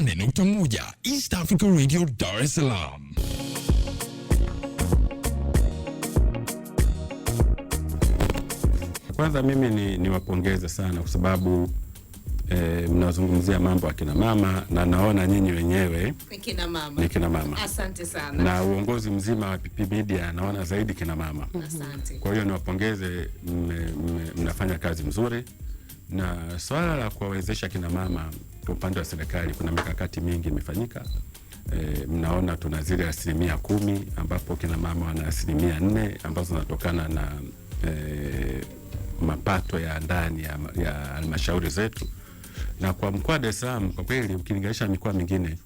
8.1 East Africa Radio Dar es Salaam. Kwanza mimi ni niwapongeze sana kwa sababu E, eh, mnazungumzia mambo ya kina mama na naona nyinyi wenyewe ni kina mama. Ni kina mama. Asante sana. Na uongozi mzima wa PP Media naona zaidi kina mama. Asante. Kwa hiyo niwapongeze, mnafanya kazi mzuri. Na swala la kuwawezesha kina mama upande wa serikali, kuna mikakati mingi imefanyika. E, mnaona tuna zile asilimia kumi ambapo kina mama wana asilimia nne ambazo zinatokana na e, mapato ya ndani ya halmashauri zetu, na kwa mkoa wa Dar es Salaam kwa kweli ukilinganisha mikoa mingine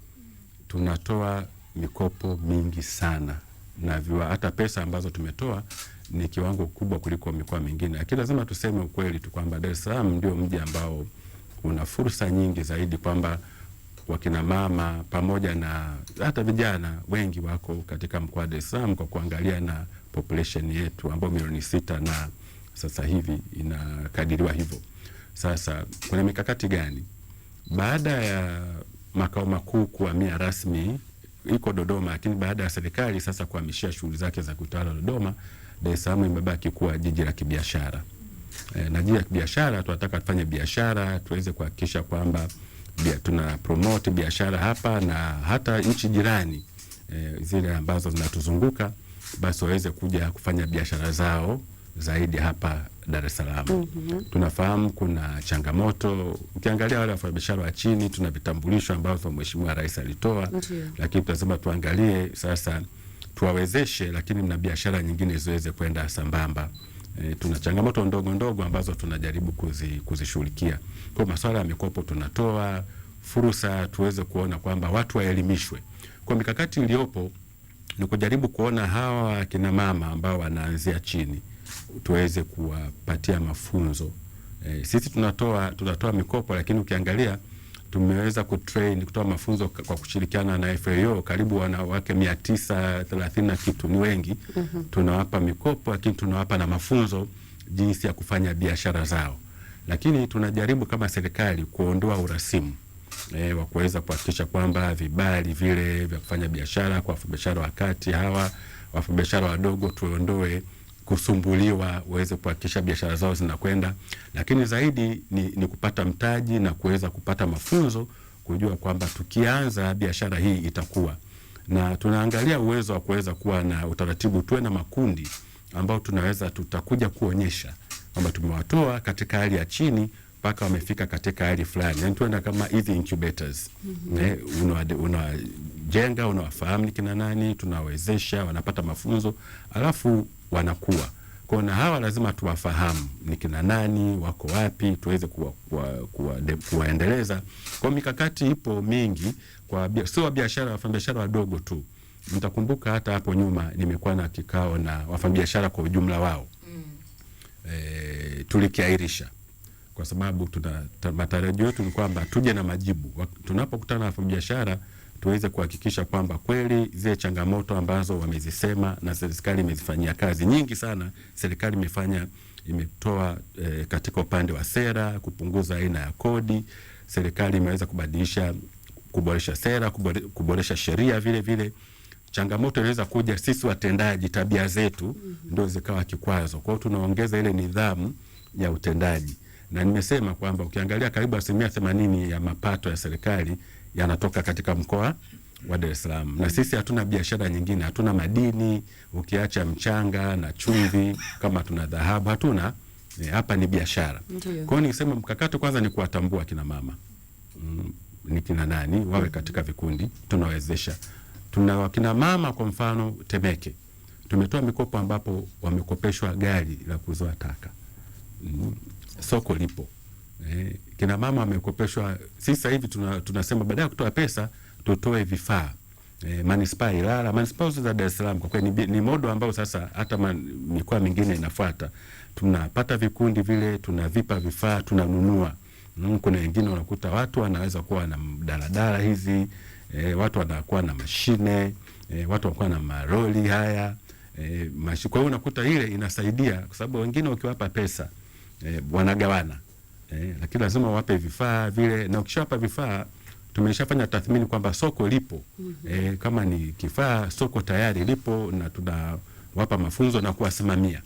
tunatoa mikopo mingi sana na viwa hata pesa ambazo tumetoa ni kiwango kubwa kuliko mikoa mingine, lakini lazima tuseme ukweli tu kwamba Dar es Salaam ndio mji ambao una fursa nyingi zaidi, kwamba wakina mama pamoja na hata vijana wengi wako katika mkoa wa Dar es Salaam kwa kuangalia na population yetu ambayo milioni sita na sasa hivi inakadiriwa hivyo. Sasa kuna mikakati gani baada ya makao makuu kuhamia rasmi iko Dodoma, lakini baada ya serikali sasa kuhamishia shughuli zake za kutawala Dodoma Dar es Salaam imebaki kuwa jiji la kibiashara e, na jiji la kibiashara tunataka tufanye biashara, tuweze kuhakikisha kwamba tuna promote biashara hapa na hata nchi jirani e, zile ambazo zinatuzunguka basi waweze kuja kufanya biashara zao zaidi hapa Dar es Salaam. mm -hmm. Tunafahamu kuna changamoto, ukiangalia wale wafanyabiashara wa chini, tuna vitambulisho ambavyo Mheshimiwa Rais alitoa, lakini tunasema tuangalie sasa tuwawezeshe, lakini mna biashara nyingine ziweze kwenda sambamba. E, tuna changamoto ndogo ndogo ambazo tunajaribu kuzishughulikia. Kwa masuala ya mikopo tunatoa fursa tuweze kuona kwamba watu waelimishwe. Kwa mikakati iliyopo ni kujaribu kuona hawa akina mama ambao wanaanzia chini tuweze kuwapatia mafunzo. E, sisi tunatoa tunatoa mikopo lakini ukiangalia tumeweza kutrain kutoa mafunzo kwa kushirikiana na FAO, karibu wanawake 930 na kitu, ni wengi mm -hmm. Tunawapa mikopo lakini tunawapa na mafunzo jinsi ya kufanya biashara zao, lakini tunajaribu kama serikali kuondoa urasimu e, wa kuweza kuhakikisha kwamba vibali vile vya kufanya biashara kwa wafanyabiashara wa kati hawa wafanyabiashara wadogo tuondoe kusumbuliwa waweze kuhakikisha biashara zao zinakwenda, lakini zaidi ni, ni kupata mtaji na kuweza kupata mafunzo, kujua kwamba tukianza biashara hii itakuwa na tunaangalia uwezo wa kuweza kuwa na utaratibu, tuwe na makundi ambao tunaweza tutakuja kuonyesha kwamba tumewatoa katika hali ya chini mpaka wamefika katika hali fulani, yani tuenda kama hizi incubators mm -hmm. Eh, Unajenga, unawafahamu ni kina nani, tunawawezesha, wanapata mafunzo alafu wanakuwa kwao, na hawa lazima tuwafahamu ni kina nani, wako wapi, tuweze kuwaendeleza kuwa, kuwa, kwa mikakati ipo mingi kwa sio wabiashara, wafanyabiashara wadogo tu. Mtakumbuka hata hapo nyuma nimekuwa na kikao na wafanyabiashara kwa ujumla wao mm. E, eh, tulikiairisha kwa sababu tuna matarajio yetu ni kwamba tuje na majibu tunapokutana na wafanyabiashara tuweze kuhakikisha kwamba kweli zile changamoto ambazo wamezisema na serikali imezifanyia kazi nyingi sana. Serikali imefanya imetoa e, katika upande wa sera kupunguza aina ya kodi. Serikali imeweza kubadilisha kuboresha sera, kuboresha sheria vile vile. Changamoto inaweza kuja sisi watendaji, tabia zetu mm -hmm. ndio zikawa kikwazo. Kwa hiyo tunaongeza ile nidhamu ya utendaji, na nimesema kwamba ukiangalia karibu asilimia themanini ya mapato ya serikali yanatoka katika mkoa wa Dar es Salaam, na sisi hatuna biashara nyingine, hatuna madini ukiacha mchanga na chumvi, kama tuna dhahabu hatuna eh, hapa. ni biashara. Kwa hiyo nisema mkakati kwanza ni kuwatambua kina mama mm, ni kina nani wawe katika vikundi, tunawezesha tuna kina mama kwa mfano Temeke tumetoa mikopo ambapo wamekopeshwa gari la kuzoa taka mm, soko lipo. Eh, kina mama wamekopeshwa. Sisi sasa hivi tuna, tunasema baada ya kutoa pesa tutoe vifaa eh, manispaa Ilala, manispaa za Dar es Salaam kwa kweli ni, ni modo ambao sasa hata mikoa mingine inafuata. Tunapata vikundi vile, tunavipa vifaa, tunanunua. mm, Kuna wengine wanakuta watu wanaweza kuwa na daladala hizi eh, watu wanakuwa na mashine eh, watu wanakuwa na maroli haya eh, mashi. Kwa hiyo unakuta ile inasaidia kwa sababu wengine ukiwapa pesa eh, wanagawana eh, lakini lazima wape vifaa vile, na ukishawapa vifaa tumeshafanya tathmini kwamba soko lipo mm -hmm. eh, kama ni kifaa soko tayari lipo na tunawapa mafunzo na kuwasimamia.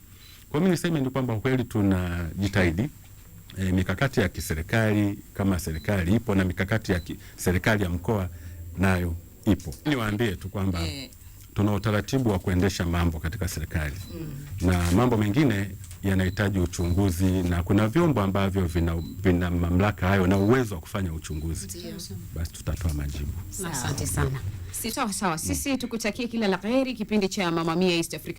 Kwa mimi niseme ni kwamba kweli tunajitahidi e, mikakati ya kiserikali kama serikali ipo na mikakati ya serikali ya mkoa nayo ipo. Niwaambie tu kwamba yeah tuna utaratibu wa kuendesha mambo katika serikali mm. na mambo mengine yanahitaji uchunguzi na kuna vyombo ambavyo vina, vina mamlaka hayo na uwezo wa kufanya uchunguzi Ndiyo. Basi tutatoa majibu. Asante sana. Sawa sawa, sisi tukutakie kila la kheri kipindi cha Mama Mia East Africa.